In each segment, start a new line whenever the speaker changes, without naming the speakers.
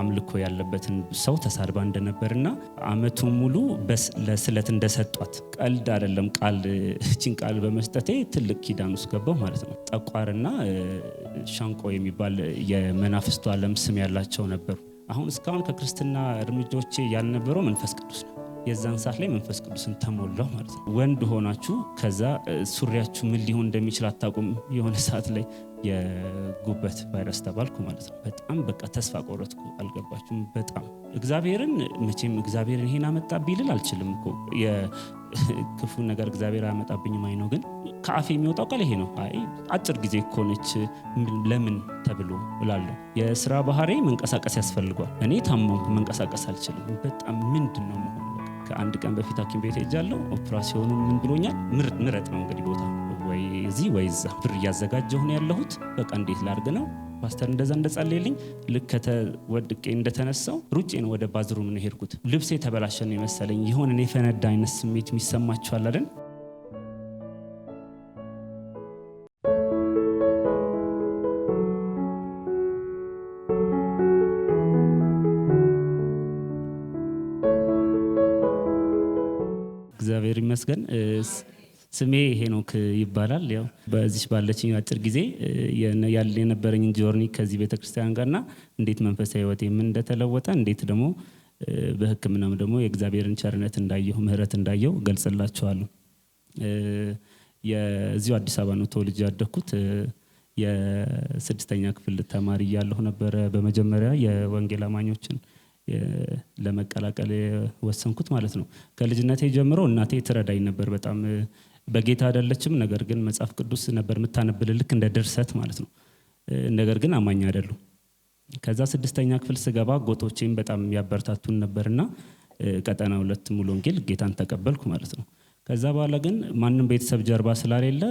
አምልኮ ያለበትን ሰው ተሳድባ እንደነበርና አመቱን ሙሉ ለስለት እንደሰጧት ቀልድ አይደለም። ቃል እችን ቃል በመስጠቴ ትልቅ ኪዳን ውስጥ ገባው ማለት ነው። ጠቋርና ሻንቆ የሚባል የመናፍስቱ ዓለም ስም ያላቸው ነበሩ። አሁን እስካሁን ከክርስትና እርምጃዎቼ ያልነበረው መንፈስ ቅዱስ ነው። የዛን ሰዓት ላይ መንፈስ ቅዱስን ተሞላው ማለት ነው። ወንድ ሆናችሁ ከዛ ሱሪያችሁ ምን ሊሆን እንደሚችል አታውቁም። የሆነ ሰዓት ላይ የጉበት ቫይረስ ተባልኩ ማለት ነው። በጣም በቃ ተስፋ ቆረጥኩ። አልገባችሁም? በጣም እግዚአብሔርን መቼም እግዚአብሔርን ይሄን አመጣ ቢልል አልችልም እኮ ነገር እግዚአብሔር አያመጣብኝም። ማይ ነው ግን ከአፌ የሚወጣው ቃል ይሄ ነው። አይ አጭር ጊዜ ከሆነች ለምን ተብሎ እላለሁ። የስራ ባህሪ መንቀሳቀስ ያስፈልጓል። እኔ ታመምኩ፣ መንቀሳቀስ አልችልም። በጣም ምንድን ነው መሆኑ ከአንድ ቀን በፊት ሐኪም ቤት ሄጃለሁ። ኦፕራሲዮኑ ምን ብሎኛል? ምርጥ ምረጥ ነው እንግዲህ ቦታ ወይ እዚህ ወይ እዛ። ብር እያዘጋጀሁ ነው ያለሁት። በቃ እንዴት ላድርግ ነው ፓስተር እንደዛ እንደጸለየልኝ ልክ ከተወድቄ እንደተነሳው ሩጬ ነው ወደ ባዝሩም ነው የሄድኩት። ልብሴ ተበላሸ ነው የመሰለኝ። የሆነ እኔ ፈነዳ አይነት ስሜት የሚሰማችኋል አይደል? ይመስገን። ስሜ ሄኖክ ይባላል። ያው በዚች ባለችኝ አጭር ጊዜ የነበረኝን ጆርኒ ከዚህ ቤተክርስቲያን ጋርና እንዴት መንፈሳዊ ህይወት የምን እንደተለወጠ እንዴት ደግሞ በህክምናም ደግሞ የእግዚአብሔርን ቸርነት እንዳየው ምህረት እንዳየው ገልጽላችኋለሁ። የዚሁ አዲስ አበባ ነው ተወልጄ ያደግኩት። የስድስተኛ ክፍል ተማሪ እያለሁ ነበረ በመጀመሪያ የወንጌል አማኞችን ለመቀላቀል የወሰንኩት ማለት ነው። ከልጅነቴ ጀምሮ እናቴ ትረዳኝ ነበር። በጣም በጌታ አይደለችም፣ ነገር ግን መጽሐፍ ቅዱስ ነበር የምታነብል ልክ እንደ ድርሰት ማለት ነው። ነገር ግን አማኝ አይደሉም። ከዛ ስድስተኛ ክፍል ስገባ ጎቶቼም በጣም ያበረታቱን ነበርና ቀጠና ሁለት ሙሉ ወንጌል ጌታን ተቀበልኩ ማለት ነው። ከዛ በኋላ ግን ማንም ቤተሰብ ጀርባ ስላሌለ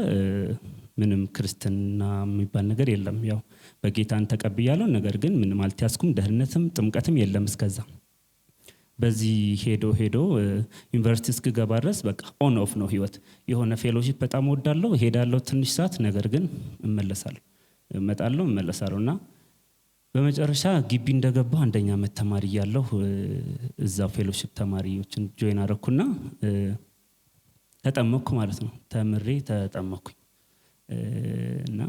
ምንም ክርስትና የሚባል ነገር የለም። ያው በጌታን ተቀብያለሁ፣ ነገር ግን ምንም አልተያዝኩም። ደህንነትም ጥምቀትም የለም እስከዛ። በዚህ ሄዶ ሄዶ ዩኒቨርሲቲ እስክገባ ድረስ በቃ ኦን ኦፍ ነው ህይወት። የሆነ ፌሎሺፕ በጣም ወዳለው ሄዳለው ትንሽ ሰዓት፣ ነገር ግን እመለሳለሁ፣ እመጣለሁ፣ እመለሳለሁ እና በመጨረሻ ግቢ እንደገባ አንደኛ ዓመት ተማሪ እያለሁ እዛው ፌሎሺፕ ተማሪዎችን ጆይን አረኩና ተጠመኩ ማለት ነው። ተምሬ ተጠመኩኝ። እና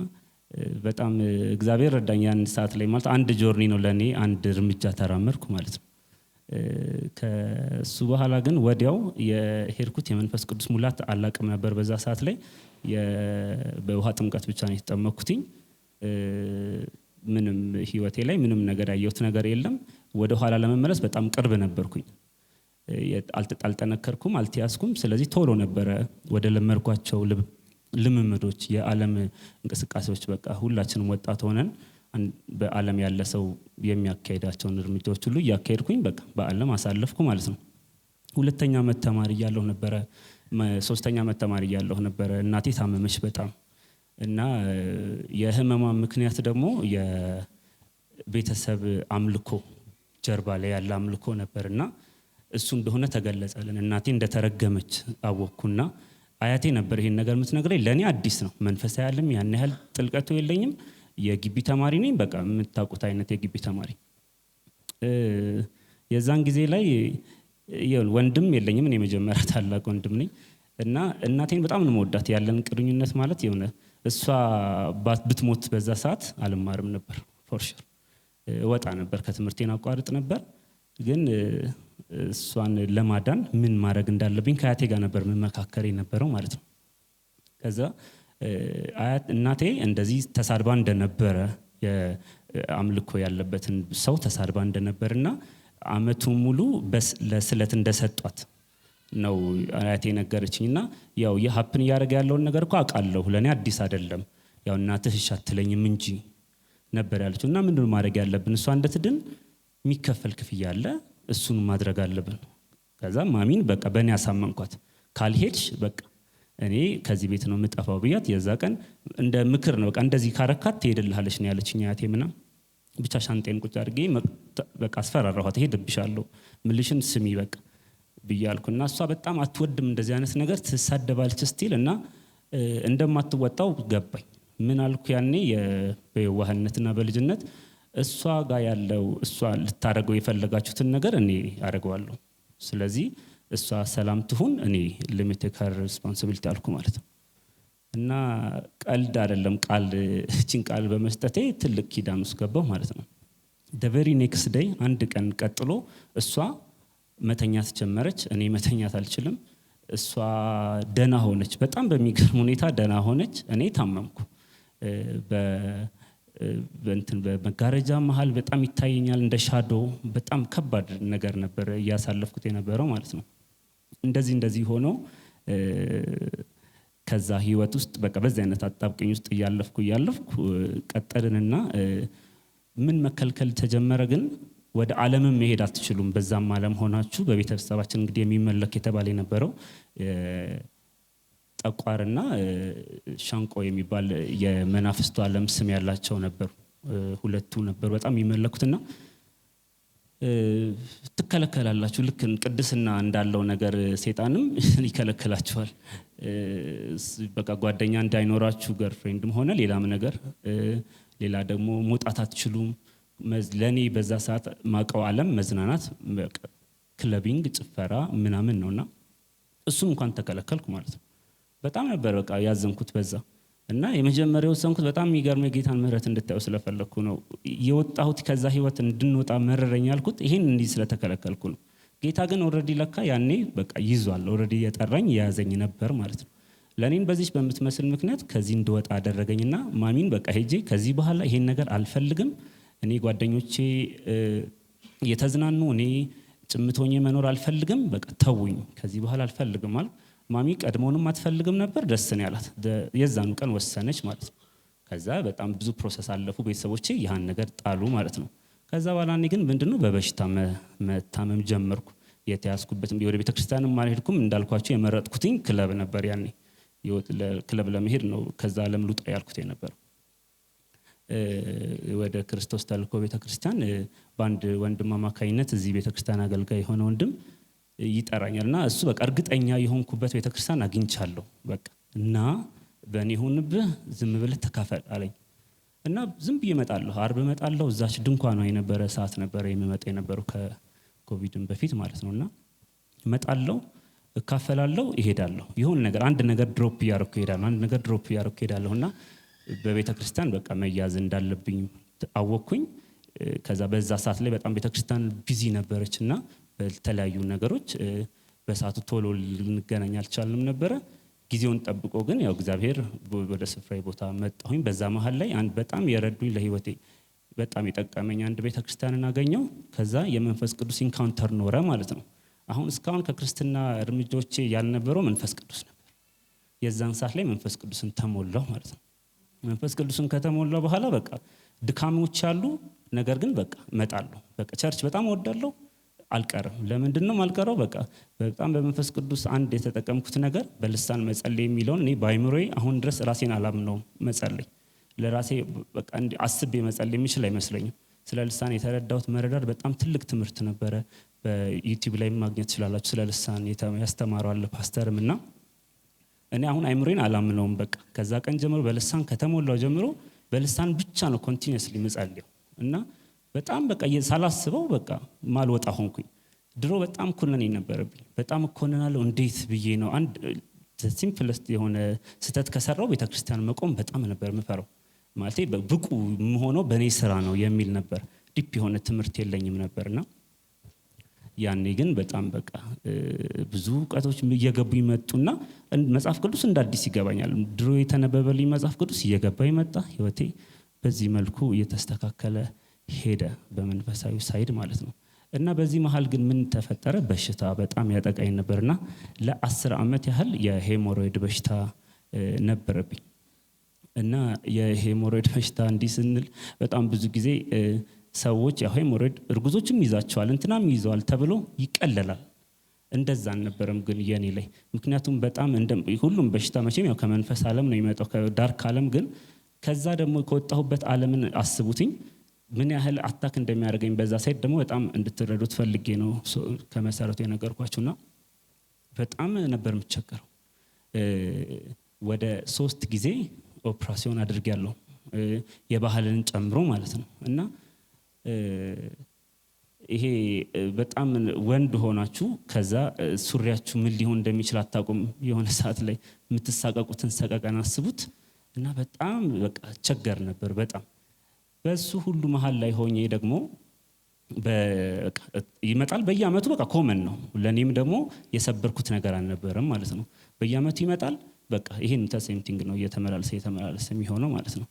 በጣም እግዚአብሔር ረዳኝ ያን ሰዓት ላይ ማለት አንድ ጆርኒ ነው ለእኔ አንድ እርምጃ ተራመድኩ ማለት ነው። ከእሱ በኋላ ግን ወዲያው የሄድኩት የመንፈስ ቅዱስ ሙላት አላቅም ነበር። በዛ ሰዓት ላይ በውሃ ጥምቀት ብቻ ነው የተጠመኩትኝ። ምንም ህይወቴ ላይ ምንም ነገር ያየሁት ነገር የለም። ወደ ኋላ ለመመለስ በጣም ቅርብ ነበርኩኝ። አልጠነከርኩም፣ አልተያዝኩም። ስለዚህ ቶሎ ነበረ ወደ ለመድኳቸው ልምምዶች፣ የዓለም እንቅስቃሴዎች በቃ ሁላችንም ወጣት ሆነን በዓለም ያለ ሰው የሚያካሄዳቸውን እርምጃዎች ሁሉ እያካሄድኩኝ በቃ በዓለም አሳለፍኩ ማለት ነው። ሁለተኛ ዓመት ተማሪ እያለሁ ነበረ፣ ሶስተኛ ዓመት ተማሪ እያለሁ ነበረ እናቴ ታመመች በጣም እና የህመሟ ምክንያት ደግሞ የቤተሰብ አምልኮ ጀርባ ላይ ያለ አምልኮ ነበር እና እሱ እንደሆነ ተገለጸልን። እናቴ እንደተረገመች አወቅኩና አያቴ ነበር ይሄን ነገር የምትነግረኝ። ለእኔ አዲስ ነው፣ መንፈስ ያለም ያን ያህል ጥልቀቱ የለኝም። የግቢ ተማሪ ነኝ፣ በቃ የምታውቁት አይነት የግቢ ተማሪ። የዛን ጊዜ ላይ ወንድም የለኝም፣ እኔ መጀመሪያ ታላቅ ወንድም ነኝ እና እናቴን በጣም ነው መወዳት። ያለን ቅርኙነት ማለት የሆነ እሷ ብትሞት በዛ ሰዓት አልማርም ነበር ፎርሹር፣ እወጣ ነበር ከትምህርቴን አቋርጥ ነበር ግን እሷን ለማዳን ምን ማድረግ እንዳለብኝ ከአያቴ ጋር ነበር መመካከር የነበረው ማለት ነው። ከዛ እናቴ እንደዚህ ተሳድባ እንደነበረ አምልኮ ያለበትን ሰው ተሳድባ እንደነበር እና አመቱ ሙሉ ለስለት እንደሰጧት ነው አያቴ ነገረችኝ። እና ያው ይህ ሀፕን እያደረገ ያለውን ነገር እኮ አውቃለሁ፣ ለእኔ አዲስ አይደለም። ያው እናትህ እሺ አትለኝም እንጂ ነበር ያለችው። እና ምንድን ማድረግ ያለብን እሷ እንደትድን የሚከፈል ክፍያ አለ እሱን ማድረግ አለብን። ከዛ ማሚን በቃ በእኔ ያሳመንኳት ካልሄድሽ በቃ እኔ ከዚህ ቤት ነው የምጠፋው ብያት፣ የዛ ቀን እንደ ምክር ነው በቃ እንደዚህ ካረካት ትሄድልሃለች ነው ያለችኝ አያቴ ምና ብቻ ሻንጤን ቁጭ አድርጌ በቃ አስፈራራኋት። ሄድብሻለሁ ምልሽን ስሚ በቃ ብያልኩ እና እሷ በጣም አትወድም እንደዚህ አይነት ነገር ትሳደባለች ስቲል እና እንደማትወጣው ገባኝ። ምን አልኩ ያኔ በየዋህነትና በልጅነት እሷ ጋር ያለው እሷ ልታደረገው የፈለጋችሁትን ነገር እኔ አደርገዋለሁ ስለዚህ እሷ ሰላም ትሁን፣ እኔ ሊሚት ከር ሪስፖንሲቢሊቲ አልኩ ማለት ነው። እና ቀልድ አይደለም። ቃል እችን ቃል በመስጠቴ ትልቅ ኪዳን ውስጥ ገባው ማለት ነው። ደቨሪ ኔክስት ደይ አንድ ቀን ቀጥሎ እሷ መተኛት ጀመረች። እኔ መተኛት አልችልም። እሷ ደና ሆነች። በጣም በሚገርም ሁኔታ ደና ሆነች። እኔ ታመምኩ። በእንትን በመጋረጃ መሀል በጣም ይታየኛል እንደ ሻዶ በጣም ከባድ ነገር ነበረ እያሳለፍኩት የነበረው ማለት ነው። እንደዚህ እንደዚህ ሆኖ ከዛ ህይወት ውስጥ በቃ በዚህ አይነት አጣብቀኝ ውስጥ እያለፍኩ እያለፍኩ ቀጠልንና ምን መከልከል ተጀመረ ግን ወደ አለምም መሄድ አትችሉም፣ በዛም አለም ሆናችሁ በቤተሰባችን እንግዲህ የሚመለክ የተባለ የነበረው ጠቋርና ሻንቆ የሚባል የመናፍስቱ ዓለም ስም ያላቸው ነበሩ። ሁለቱ ነበሩ በጣም የሚመለኩትና ትከለከላላችሁ። ልክ ቅድስና እንዳለው ነገር ሴጣንም ይከለክላችኋል። በቃ ጓደኛ እንዳይኖራችሁ ገርፍሬንድም ሆነ ሌላም ነገር ሌላ ደግሞ መውጣት አትችሉም። ለእኔ በዛ ሰዓት ማቀው ዓለም መዝናናት፣ ክለቢንግ፣ ጭፈራ ምናምን ነውና እሱም እንኳን ተከለከልኩ ማለት ነው። በጣም ነበር በቃ ያዘንኩት በዛ እና የመጀመሪያው ሰንኩት በጣም የሚገርመ ጌታን ምሕረት እንድታዩ ስለፈለግኩ ነው የወጣሁት። ከዛ ህይወት እንድንወጣ መረረኝ ያልኩት ይሄን እንዲህ ስለተከለከልኩ ነው። ጌታ ግን ኦረዲ ለካ ያኔ በቃ ይዟል። ኦረዲ የጠራኝ የያዘኝ ነበር ማለት ነው። ለእኔን በዚች በምትመስል ምክንያት ከዚህ እንድወጣ አደረገኝና ማሚን በቃ ሄጄ ከዚህ በኋላ ይሄን ነገር አልፈልግም። እኔ ጓደኞቼ የተዝናኑ እኔ ጭምቶኝ መኖር አልፈልግም። በቃ ተውኝ፣ ከዚህ በኋላ አልፈልግም ማለት ማሚ ቀድሞውንም አትፈልግም ነበር። ደስ ነው ያላት። የዛኑ ቀን ወሰነች ማለት ነው። ከዛ በጣም ብዙ ፕሮሰስ አለፉ ቤተሰቦቼ፣ ያህን ነገር ጣሉ ማለት ነው። ከዛ በኋላ እኔ ግን ምንድነው በበሽታ መታመም ጀመርኩ። የተያዝኩበት ወደ ቤተክርስቲያንም አልሄድኩም። እንዳልኳቸው የመረጥኩትኝ ክለብ ነበር። ያኔ ክለብ ለመሄድ ነው። ከዛ ለም ልውጣ ያልኩት የነበረ ወደ ክርስቶስ ተልኮ ቤተክርስቲያን በአንድ ወንድም አማካኝነት እዚህ ቤተክርስቲያን አገልጋይ የሆነ ወንድም ይጠራኛል እና እሱ በቃ እርግጠኛ የሆንኩበት ቤተክርስቲያን አግኝቻለሁ። በቃ እና በእኔ ሆንብህ ዝም ብለህ ተካፈል አለኝ እና ዝም ብዬ እመጣለሁ። አርብ እመጣለሁ። እዛች ድንኳኗ የነበረ ሰዓት ነበረ የሚመጣ የነበረው ከኮቪድን በፊት ማለት ነው። እና እመጣለሁ፣ እካፈላለሁ፣ ይሄዳለሁ። የሆነ ነገር አንድ ነገር ድሮፕ እያርኩ ይሄዳለሁ አንድ ነገር ድሮፕ እያርኩ ይሄዳለሁ እና በቤተ ክርስቲያን በቃ መያዝ እንዳለብኝ አወቅኩኝ። ከዛ በዛ ሰዓት ላይ በጣም ቤተክርስቲያን ቢዚ ነበረች እና በተለያዩ ነገሮች በሰዓቱ ቶሎ ልንገናኝ አልቻልንም ነበረ። ጊዜውን ጠብቆ ግን ያው እግዚአብሔር ወደ ስፍራዊ ቦታ መጣሁኝ። በዛ መሀል ላይ አንድ በጣም የረዱኝ ለህይወቴ በጣም የጠቀመኝ አንድ ቤተ ክርስቲያንን አገኘው። ከዛ የመንፈስ ቅዱስ ኢንካውንተር ኖረ ማለት ነው። አሁን እስካሁን ከክርስትና እርምጃዎቼ ያልነበረው መንፈስ ቅዱስ ነበር። የዛን ሰዓት ላይ መንፈስ ቅዱስን ተሞላው ማለት ነው። መንፈስ ቅዱስን ከተሞላው በኋላ በቃ ድካሞች አሉ፣ ነገር ግን በቃ እመጣለሁ። በቃ ቸርች በጣም እወዳለሁ አልቀርም። ለምንድን ነው አልቀረው? በቃ በጣም በመንፈስ ቅዱስ አንድ የተጠቀምኩት ነገር በልሳን መጸለይ የሚለውን እኔ በአይምሮዬ አሁን ድረስ ራሴን አላምነው መጸለይ ለራሴ በቃ አስቤ መጸለይ የሚችል አይመስለኝም። ስለ ልሳን የተረዳሁት መረዳት በጣም ትልቅ ትምህርት ነበረ። በዩቲዩብ ላይ ማግኘት ትችላላችሁ። ስለ ልሳን ያስተማረዋል ፓስተርም እና እኔ አሁን አይምሮን አላምነውም። በቃ ከዛ ቀን ጀምሮ በልሳን ከተሞላው ጀምሮ በልሳን ብቻ ነው ኮንቲኒስሊ ምጸልየው እና በጣም በቃ ሳላስበው በቃ ማልወጣ ሆንኩኝ። ድሮ በጣም ኮነን ነበረብኝ። በጣም እኮንናለሁ። እንዴት ብዬ ነው አንድ ሲምፕልስ የሆነ ስህተት ከሰራው ቤተክርስቲያን መቆም በጣም ነበር ምፈረው ማለት ብቁ የምሆነው በእኔ ስራ ነው የሚል ነበር። ዲፕ የሆነ ትምህርት የለኝም ነበርና ያኔ ግን በጣም በቃ ብዙ እውቀቶች እየገቡ ይመጡና መጽሐፍ ቅዱስ እንደ አዲስ ይገባኛል። ድሮ የተነበበልኝ መጽሐፍ ቅዱስ እየገባ ይመጣ። ህይወቴ በዚህ መልኩ እየተስተካከለ ሄደ በመንፈሳዊ ሳይድ ማለት ነው። እና በዚህ መሀል ግን ምን ተፈጠረ? በሽታ በጣም ያጠቃኝ ነበርና ለአስር ዓመት ያህል የሄሞሮይድ በሽታ ነበረብኝ። እና የሄሞሮይድ በሽታ እንዲህ ስንል በጣም ብዙ ጊዜ ሰዎች የሄሞሮይድ እርጉዞችም ይዛቸዋል እንትናም ይዘዋል ተብሎ ይቀለላል። እንደዛ አልነበረም ግን የኔ ላይ ምክንያቱም በጣም ሁሉም በሽታ መቼም ያው ከመንፈስ አለም ነው የሚመጣው ከዳርክ አለም ግን ከዛ ደግሞ ከወጣሁበት አለምን አስቡትኝ ምን ያህል አታክ እንደሚያደርገኝ በዛ ሳይት ደግሞ በጣም እንድትረዱት ፈልጌ ነው ከመሰረቱ ና በጣም ነበር የምቸገረው። ወደ ሶስት ጊዜ ኦፕራሲዮን ያለው የባህልን ጨምሮ ማለት ነው። እና ይሄ በጣም ወንድ ሆናችሁ ከዛ ሱሪያችሁ ምን ሊሆን እንደሚችል አታቁም የሆነ ሰዓት ላይ የምትሳቀቁትን ሰቀቀን አስቡት። እና በጣም በቃ ቸገር ነበር በጣም በሱ ሁሉ መሀል ላይ ሆኜ ደግሞ ይመጣል በየአመቱ በቃ ኮመን ነው። ለእኔም ደግሞ የሰበርኩት ነገር አልነበረም ማለት ነው። በየአመቱ ይመጣል። በቃ ይሄን ተሴምቲንግ ነው እየተመላለሰ እየተመላለሰ የሚሆነው ማለት ነው።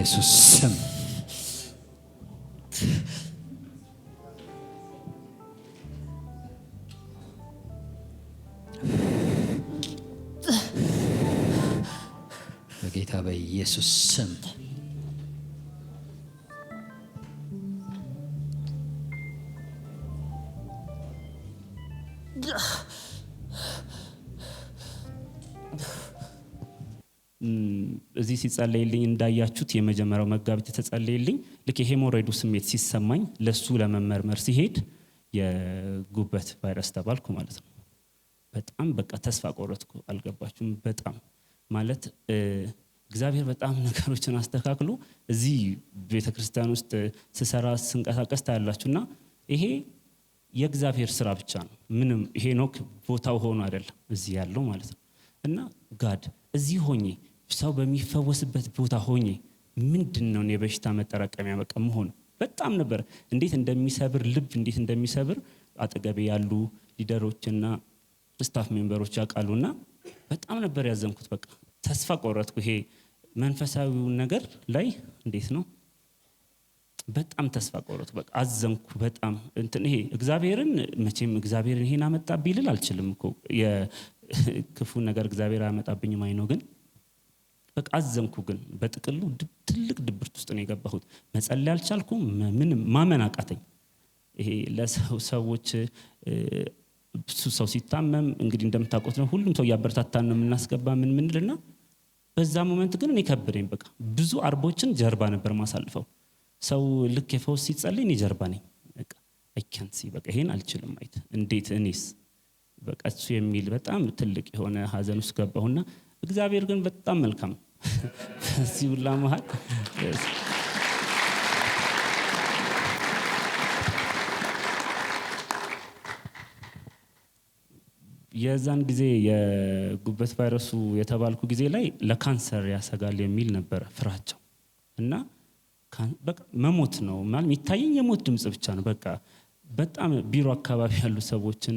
በኢየሱስ ስም
እዚህ ሲጸለይልኝ እንዳያችሁት የመጀመሪያው መጋቢት የተጸለይልኝ ልክ የሄሞሬዱ ስሜት ሲሰማኝ ለሱ ለመመርመር ሲሄድ የጉበት ቫይረስ ተባልኩ ማለት ነው። በጣም በቃ ተስፋ ቆረጥኩ። አልገባችሁም? በጣም ማለት እግዚአብሔር በጣም ነገሮችን አስተካክሎ እዚህ ቤተ ክርስቲያን ውስጥ ስሰራ ስንቀሳቀስ ታያላችሁና ይሄ የእግዚአብሔር ስራ ብቻ ነው። ምንም ኖክ ቦታው ሆኖ አይደለም እዚህ ያለው ማለት ነው። እና ጋድ እዚህ ሆኜ ሰው በሚፈወስበት ቦታ ሆኜ ምንድን ነው የበሽታ መጠራቀሚያ በቃ መሆኑ በጣም ነበር። እንዴት እንደሚሰብር ልብ እንዴት እንደሚሰብር አጠገቤ ያሉ ሊደሮችና ስታፍ ሜምበሮች እና በጣም ነበር ያዘንኩት። በቃ ተስፋ ቆረጥኩ። ይሄ መንፈሳዊውን ነገር ላይ እንዴት ነው በጣም ተስፋ ቆረጥኩ። በቃ አዘንኩ። በጣም እንትን ይሄ እግዚአብሔርን መቼም እግዚአብሔርን ይሄን አመጣ ቢልል አልችልም ክፉ ነገር እግዚአብሔር ማይ አይነው ግን በቃ አዘንኩ። ግን በጥቅሉ ትልቅ ድብርት ውስጥ ነው የገባሁት። መጸለይ አልቻልኩም። ምንም ማመን አቃተኝ። ይሄ ለሰው ሰዎች ሰው ሲታመም እንግዲህ እንደምታውቁት ነው ሁሉም ሰው እያበረታታን ነው የምናስገባ ምን ምንል ና በዛ ሞመንት ግን እኔ ከብደኝ በቃ ብዙ አርቦችን ጀርባ ነበር ማሳልፈው። ሰው ልክ የፈውስ ሲጸልይ እኔ ጀርባ ነኝ። በቃ ይሄን አልችልም ማየት እንዴት እኔስ በቃ እሱ የሚል በጣም ትልቅ የሆነ ሀዘን ውስጥ ገባሁና እግዚአብሔር ግን በጣም መልካም እዚህ ሁላ መሀል የዛን ጊዜ የጉበት ቫይረሱ የተባልኩ ጊዜ ላይ ለካንሰር ያሰጋል የሚል ነበረ ፍራቸው እና መሞት ነው የሚታየኝ የሞት ድምፅ ብቻ ነው። በቃ በጣም ቢሮ አካባቢ ያሉ ሰዎችን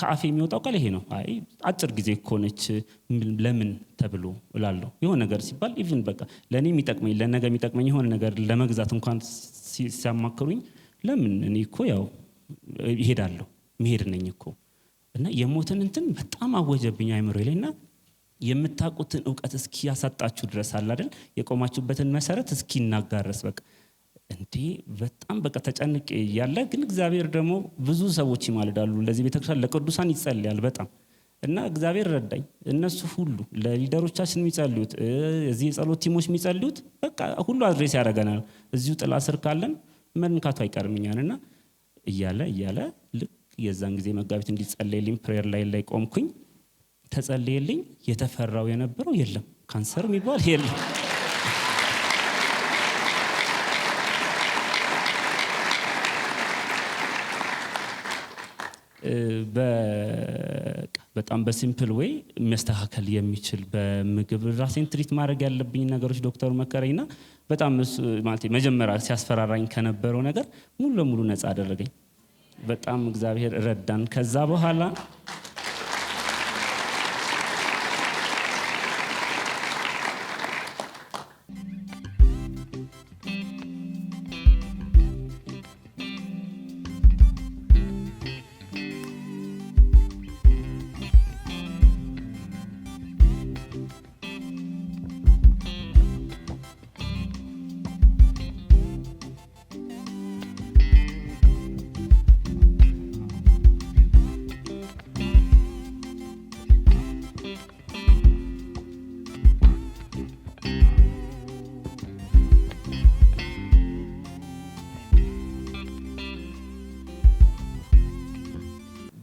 ከአፌ የሚወጣው ቃል ይሄ ነው። አይ አጭር ጊዜ ከሆነች ለምን ተብሎ እላለሁ። የሆነ ነገር ሲባል ኢቭን በቃ ለእኔ የሚጠቅመኝ ለነገ የሚጠቅመኝ የሆነ ነገር ለመግዛት እንኳን ሲያማክሩኝ ለምን እኔ እኮ ያው ይሄዳለሁ መሄድ ነኝ እኮ እና የሞትን እንትን በጣም አወጀብኝ አይምሮ ላይ እና የምታውቁትን እውቀት እስኪ ያሳጣችሁ ድረስ አላደል የቆማችሁበትን መሰረት እስኪ እናጋረስ በቃ እንዴ በጣም በቃ ተጨንቄ እያለ ግን እግዚአብሔር ደግሞ ብዙ ሰዎች ይማልዳሉ፣ ለዚህ ቤተክርስቲያን ለቅዱሳን ይጸልያል በጣም እና እግዚአብሔር ረዳኝ። እነሱ ሁሉ ለሊደሮቻችን የሚጸልዩት እዚህ የጸሎት ቲሞች የሚጸልዩት በቃ ሁሉ አድሬስ ያደርገናል። እዚሁ ጥላ ስር ካለን መንካቱ አይቀርምኛል እና እያለ እያለ ልክ የዛን ጊዜ መጋቢት እንዲጸለይልኝ ፕሬየር ላይ ላይ ቆምኩኝ። ተጸልየልኝ የተፈራው የነበረው የለም፣ ካንሰር የሚባል የለም። በጣም በሲምፕል ዌይ መስተካከል የሚችል በምግብ ራሴን ትሪት ማድረግ ያለብኝ ነገሮች ዶክተሩ መከረኝና በጣም ማለት መጀመሪያ ሲያስፈራራኝ ከነበረው ነገር ሙሉ ለሙሉ ነፃ አደረገኝ። በጣም እግዚአብሔር ረዳን። ከዛ በኋላ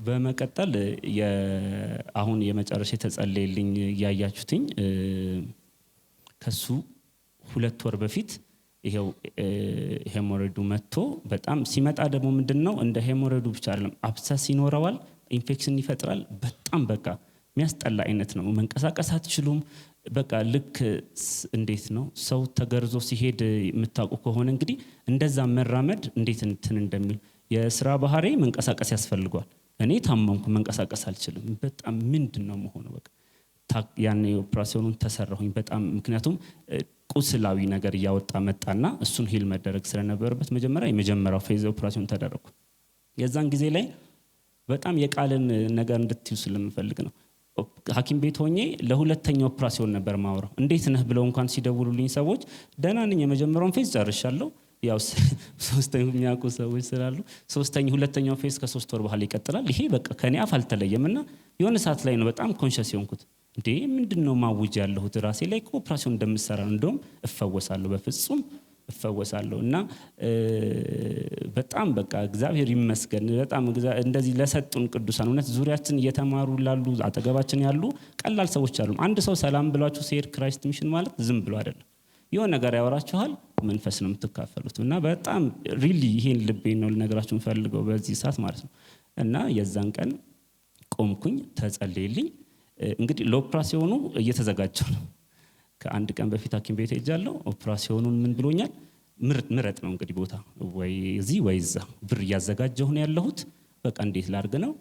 በመቀጠል አሁን የመጨረሻ የተጸለየልኝ እያያችሁትኝ ከሱ ሁለት ወር በፊት ይሄው ሄሞሬዱ መጥቶ በጣም ሲመጣ ደግሞ ምንድን ነው እንደ ሄሞሬዱ ብቻ አይደለም፣ አብሳስ ይኖረዋል፣ ኢንፌክሽን ይፈጥራል። በጣም በቃ የሚያስጠላ አይነት ነው። መንቀሳቀስ አትችሉም። በቃ ልክ እንዴት ነው ሰው ተገርዞ ሲሄድ የምታውቁ ከሆነ እንግዲህ እንደዛ መራመድ እንዴት እንትን እንደሚል የስራ ባህሪ መንቀሳቀስ ያስፈልጓል። እኔ ታመምኩ፣ መንቀሳቀስ አልችልም። በጣም ምንድን ነው መሆኑ በቃ ኦፕራሲዮኑን ተሰራሁኝ በጣም ምክንያቱም ቁስላዊ ነገር እያወጣ መጣና እሱን ሂል መደረግ ስለነበረበት መጀመሪያ የመጀመሪያው ፌዝ ኦፕራሲዮን ተደረግኩ። የዛን ጊዜ ላይ በጣም የቃልን ነገር እንድትዩ ስለምፈልግ ነው። ሀኪም ቤት ሆኜ ለሁለተኛ ኦፕራሲዮን ነበር ማውረው እንዴት ነህ ብለው እንኳን ሲደውሉልኝ ሰዎች ደህና ነኝ፣ የመጀመሪያውን ፌዝ ጨርሻለሁ ያው ሶስተኛ የሚያውቁ ሰዎች ስላሉ ሶስተኛ ሁለተኛው ፌዝ ከሶስት ወር በኋላ ይቀጥላል። ይሄ በቃ ከኔ አፍ አልተለየም እና የሆነ ሰዓት ላይ ነው በጣም ኮንሸስ የሆንኩት። እንዴ ምንድን ነው ማውጅ ያለሁት ራሴ ላይ ኦፕራሲዮን እንደምሰራ እንደውም እፈወሳለሁ፣ በፍጹም እፈወሳለሁ። እና በጣም በቃ እግዚአብሔር ይመስገን። በጣም እንደዚህ ለሰጡን ቅዱሳን እውነት ዙሪያችን እየተማሩ ላሉ አጠገባችን ያሉ ቀላል ሰዎች አሉ። አንድ ሰው ሰላም ብሏችሁ ሲሄድ ክራይስት ሚሽን ማለት ዝም ብሎ አይደለም የሆነ ነገር ያወራችኋል፣ መንፈስ ነው የምትካፈሉት። እና በጣም ሪሊ ይሄን ልቤ ነው ልነግራችሁ ፈልገው በዚህ ሰዓት ማለት ነው። እና የዛን ቀን ቆምኩኝ፣ ተጸልይልኝ። እንግዲህ ለኦፕራሲዮኑ እየተዘጋጀው ነው። ከአንድ ቀን በፊት ሐኪም ቤት ሄጃለሁ። ኦፕራሲዮኑን ምን ብሎኛል? ምረጥ ነው እንግዲህ ቦታ ወይ እዚህ ወይ እዛ፣ ብር እያዘጋጀሁ ነው ያለሁት። በቃ እንዴት ላርግ ነው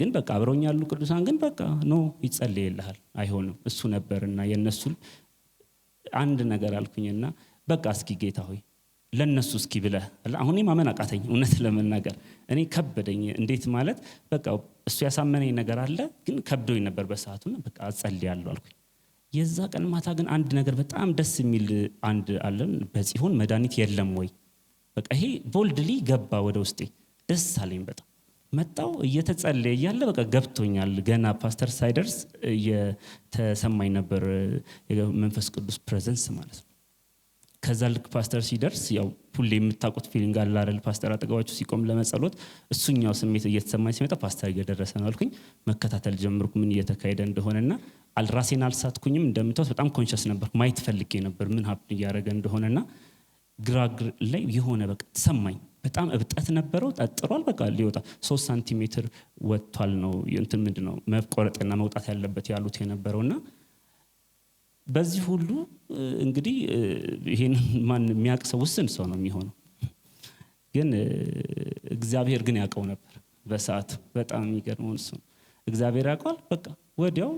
ግን በቃ አብረውኝ ያሉ ቅዱሳን ግን በቃ ኖ ይጸልይልሃል፣ አይሆንም። እሱ ነበርና የእነሱ አንድ ነገር አልኩኝና በቃ እስኪ ጌታ ሆይ ለነሱ እስኪ ብለ አሁን ማመን አቃተኝ። እውነት ለመናገር እኔ ከበደኝ። እንዴት ማለት በቃ እሱ ያሳመነኝ ነገር አለ፣ ግን ከብዶኝ ነበር በሰዓቱ። በቃ እጸልያለሁ አልኩኝ። የዛ ቀን ማታ ግን አንድ ነገር በጣም ደስ የሚል አንድ አለን። በጽሆን መድኃኒት የለም ወይ? በቃ ይሄ ቦልድሊ ገባ ወደ ውስጤ። ደስ አለኝ በጣም መጣው እየተጸለየ እያለ በቃ ገብቶኛል። ገና ፓስተር ሳይደርስ እየተሰማኝ ነበር መንፈስ ቅዱስ ፕሬዘንስ ማለት ነው። ከዛ ልክ ፓስተር ሲደርስ ያው ሁሌ የምታውቁት ፊሊንግ አለ አይደል? ፓስተር አጠገባችሁ ሲቆም ለመጸሎት እሱኛው ስሜት እየተሰማኝ ሲመጣ ፓስተር እየደረሰ ነው አልኩኝ። መከታተል ጀምርኩ ምን እየተካሄደ እንደሆነና አልራሴን አልሳትኩኝም። እንደምታዩት በጣም ኮንሽስ ነበር። ማየት ፈልጌ ነበር ምን ሀብት እያደረገ እንደሆነና ግራግር ላይ የሆነ በቃ ተሰማኝ በጣም እብጠት ነበረው። ጠጥሯል። በቃ ሊወጣ ሶስት ሳንቲሜትር ወጥቷል ነው እንትን ምንድ ነው መቆረጥና መውጣት ያለበት ያሉት የነበረው እና በዚህ ሁሉ እንግዲህ ይህን ማን የሚያውቅ ሰው ውስን ሰው ነው የሚሆነው። ግን እግዚአብሔር ግን ያውቀው ነበር በሰዓት በጣም የሚገርመው እሱ እግዚአብሔር ያውቀዋል። በቃ ወዲያው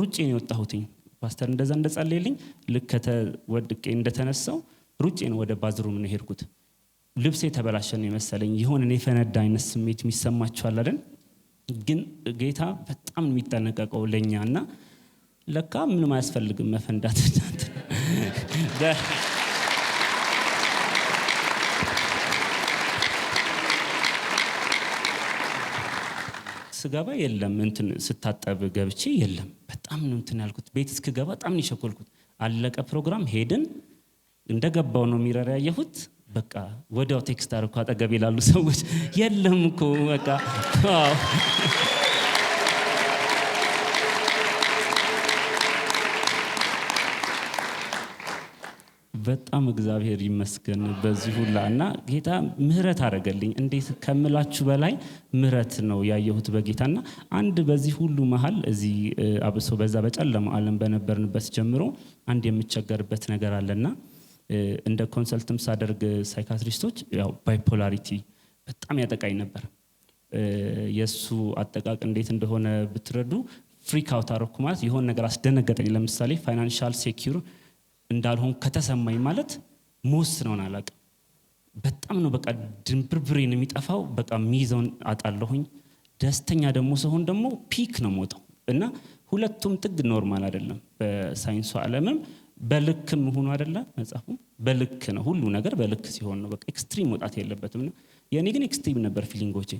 ሩጬ ነው የወጣሁትኝ። ፓስተር እንደዛ እንደጸለየልኝ ልክ ከተወድቄ እንደተነሳው ሩጬ ነው ወደ ባዝሩም ነው ሄድኩት ልብስ የተበላሸ ነው የመሰለኝ የሆነ እኔ ፈነዳ አይነት ስሜት የሚሰማቸዋል አይደል? ግን ጌታ በጣም የሚጠነቀቀው ለእኛ እና ለካ ምንም አያስፈልግም መፈንዳት ስገባ የለም እንትን ስታጠብ ገብቼ የለም። በጣም ነው እንትን ያልኩት። ቤት እስክገባ በጣም ነው የሸኮልኩት። አለቀ ፕሮግራም ሄድን። እንደገባው ነው የሚረር ያየሁት። በቃ ወዲያው ቴክስት አርኩ። አጠገብ ይላሉ ሰዎች የለም እኮ በቃ በጣም እግዚአብሔር ይመስገን በዚህ ሁላ እና ጌታ ምህረት አደረገልኝ። እንዴት ከምላችሁ በላይ ምህረት ነው ያየሁት በጌታ እና አንድ በዚህ ሁሉ መሀል እዚህ አብሶ በዛ በጨለማ አለም በነበርንበት ጀምሮ አንድ የምቸገርበት ነገር አለና እንደ ኮንሰልትም ሳደርግ ሳይካትሪስቶች ያው ባይፖላሪቲ በጣም ያጠቃኝ ነበር። የእሱ አጠቃቅ እንዴት እንደሆነ ብትረዱ ፍሪክ አውት አደረኩ ማለት የሆን ነገር አስደነገጠኝ። ለምሳሌ ፋይናንሻል ሴኪር እንዳልሆን ከተሰማኝ ማለት ነውን አላቅ በጣም ነው በቃ ድንብርብሬን የሚጠፋው በቃ ሚይዘውን አጣለሁኝ። ደስተኛ ደግሞ ሰሆን ደግሞ ፒክ ነው ሞጠው እና ሁለቱም ጥግ ኖርማል አይደለም በሳይንሱ አለምም በልክ መሆኑ አይደለ መጽሐፉ በልክ ነው። ሁሉ ነገር በልክ ሲሆን ነው። በቃ ኤክስትሪም መውጣት የለበትም ነው። የእኔ ግን ኤክስትሪም ነበር ፊሊንጎቼ።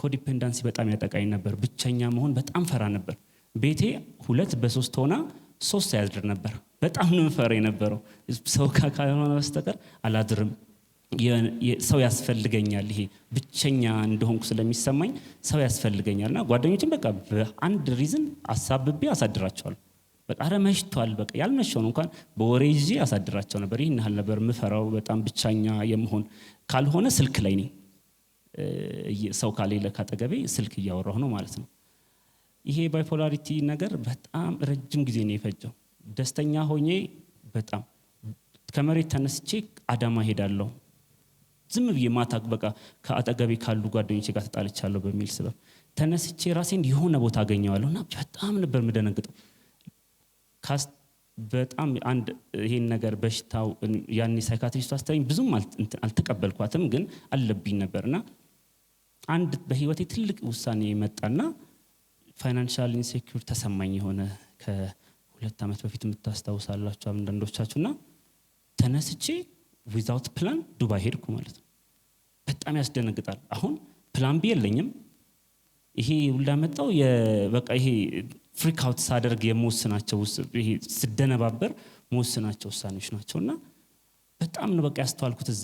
ኮዲፔንዳንሲ በጣም ያጠቃኝ ነበር። ብቸኛ መሆን በጣም ፈራ ነበር። ቤቴ ሁለት በሶስት ሆና ሶስት አያድር ነበር። በጣም ነው የነበረው። ሰው ካልሆነ በስተቀር አላድርም። ሰው ያስፈልገኛል። ይሄ ብቸኛ እንደሆንኩ ስለሚሰማኝ ሰው ያስፈልገኛል እና ጓደኞችን በቃ በአንድ ሪዝን አሳብቤ አሳድራቸዋል። በቃ ኧረ መሽቷል። በቃ ነው እንኳን በወሬ ይዤ ያሳድራቸው ነበር። ይህን ያህል ነበር ምፈራው በጣም ብቻኛ የመሆን ካልሆነ ስልክ ላይ ነኝ። ሰው ካሌለ ካጠገቤ ስልክ እያወራሁ ነው ማለት ነው። ይሄ ባይፖላሪቲ ነገር በጣም ረጅም ጊዜ ነው የፈጀው። ደስተኛ ሆኜ በጣም ከመሬት ተነስቼ አዳማ ሄዳለሁ ዝም ብዬ ማታ በቃ ከአጠገቤ ካሉ ጓደኞቼ ጋር ተጣልቻለሁ በሚል ስበብ ተነስቼ ራሴን የሆነ ቦታ አገኘዋለሁ እና በጣም ነበር የምደነግጠው። በጣም አንድ ይሄን ነገር በሽታው ያኔ ሳይካትሪስቱ አስተኝ ብዙም አልተቀበልኳትም፣ ግን አለብኝ ነበርና አንድ በህይወቴ ትልቅ ውሳኔ መጣና ፋይናንሻል ኢንሴኪር ተሰማኝ። የሆነ ከሁለት ዓመት በፊት የምታስታውሳላችሁ ና ተነስቼ ዊዛውት ፕላን ዱባይ ሄድኩ ማለት ነው። በጣም ያስደነግጣል። አሁን ፕላን ቢ የለኝም። ይሄ ሁላ መጣው በቃ ይሄ ፍሪክ አውት ሳደርግ የምወስናቸው ይሄ ስደነባበር መወስናቸው ውሳኔዎች ናቸው እና በጣም ነው በቃ ያስተዋልኩት እዛ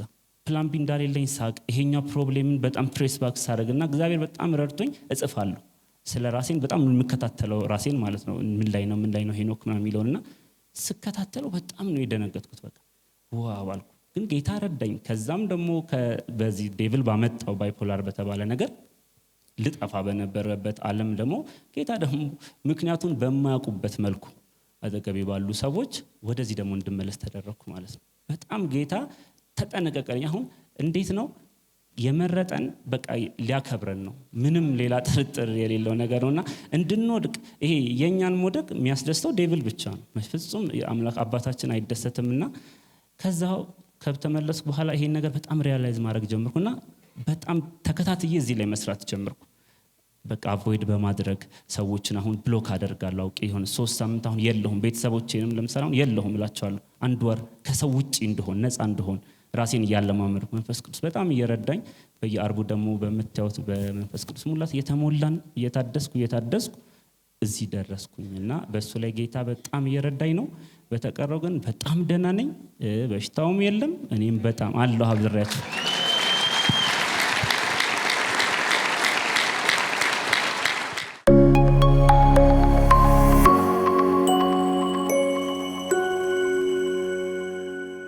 ፕላን ቢ እንዳሌለኝ ሳቅ ይሄኛው ፕሮብሌምን በጣም ፕሬስ ባክ ሳደርግ እና እግዚአብሔር በጣም ረድቶኝ እጽፋለሁ። ስለ ራሴን በጣም የምከታተለው ራሴን ማለት ነው። ምን ላይ ነው ምን ላይ ነው ሄኖክ ምና የሚለውን እና ስከታተለው በጣም ነው የደነገጥኩት። በቃ ዋው አልኩ። ግን ጌታ ረዳኝ። ከዛም ደግሞ በዚህ ዴቪል ባመጣው ባይፖላር በተባለ ነገር ልጠፋ በነበረበት ዓለም ደግሞ ጌታ ደግሞ ምክንያቱን በማያውቁበት መልኩ አጠገቤ ባሉ ሰዎች ወደዚህ ደግሞ እንድመለስ ተደረግኩ ማለት ነው። በጣም ጌታ ተጠነቀቀኝ። አሁን እንዴት ነው የመረጠን? በቃ ሊያከብረን ነው። ምንም ሌላ ጥርጥር የሌለው ነገር ነው እና እንድንወድቅ ይሄ የእኛን መውደቅ የሚያስደስተው ዴቪል ብቻ ነው። ፍጹም አምላክ አባታችን አይደሰትም። እና ከዛው ከተመለስኩ በኋላ ይሄን ነገር በጣም ሪያላይዝ ማድረግ እና በጣም ተከታትዬ እዚህ ላይ መስራት ጀምርኩ በቃ አቮይድ በማድረግ ሰዎችን አሁን ብሎክ አደርጋለሁ። አውቄ የሆነ ሶስት ሳምንት አሁን የለሁም፣ ቤተሰቦቼንም ለምሳሌ አሁን የለሁም እላቸዋለሁ። አንድ ወር ከሰው ውጭ እንደሆን ነፃ እንደሆን ራሴን እያለማመድኩ መንፈስ ቅዱስ በጣም እየረዳኝ፣ በየአርቡ ደግሞ በምታዩት በመንፈስ ቅዱስ ሙላት እየተሞላን እየታደስኩ እየታደስኩ እዚህ ደረስኩኝ እና በእሱ ላይ ጌታ በጣም እየረዳኝ ነው። በተቀረው ግን በጣም ደህና ነኝ። በሽታውም የለም። እኔም በጣም አለሁ አብዝሬያቸው Bye.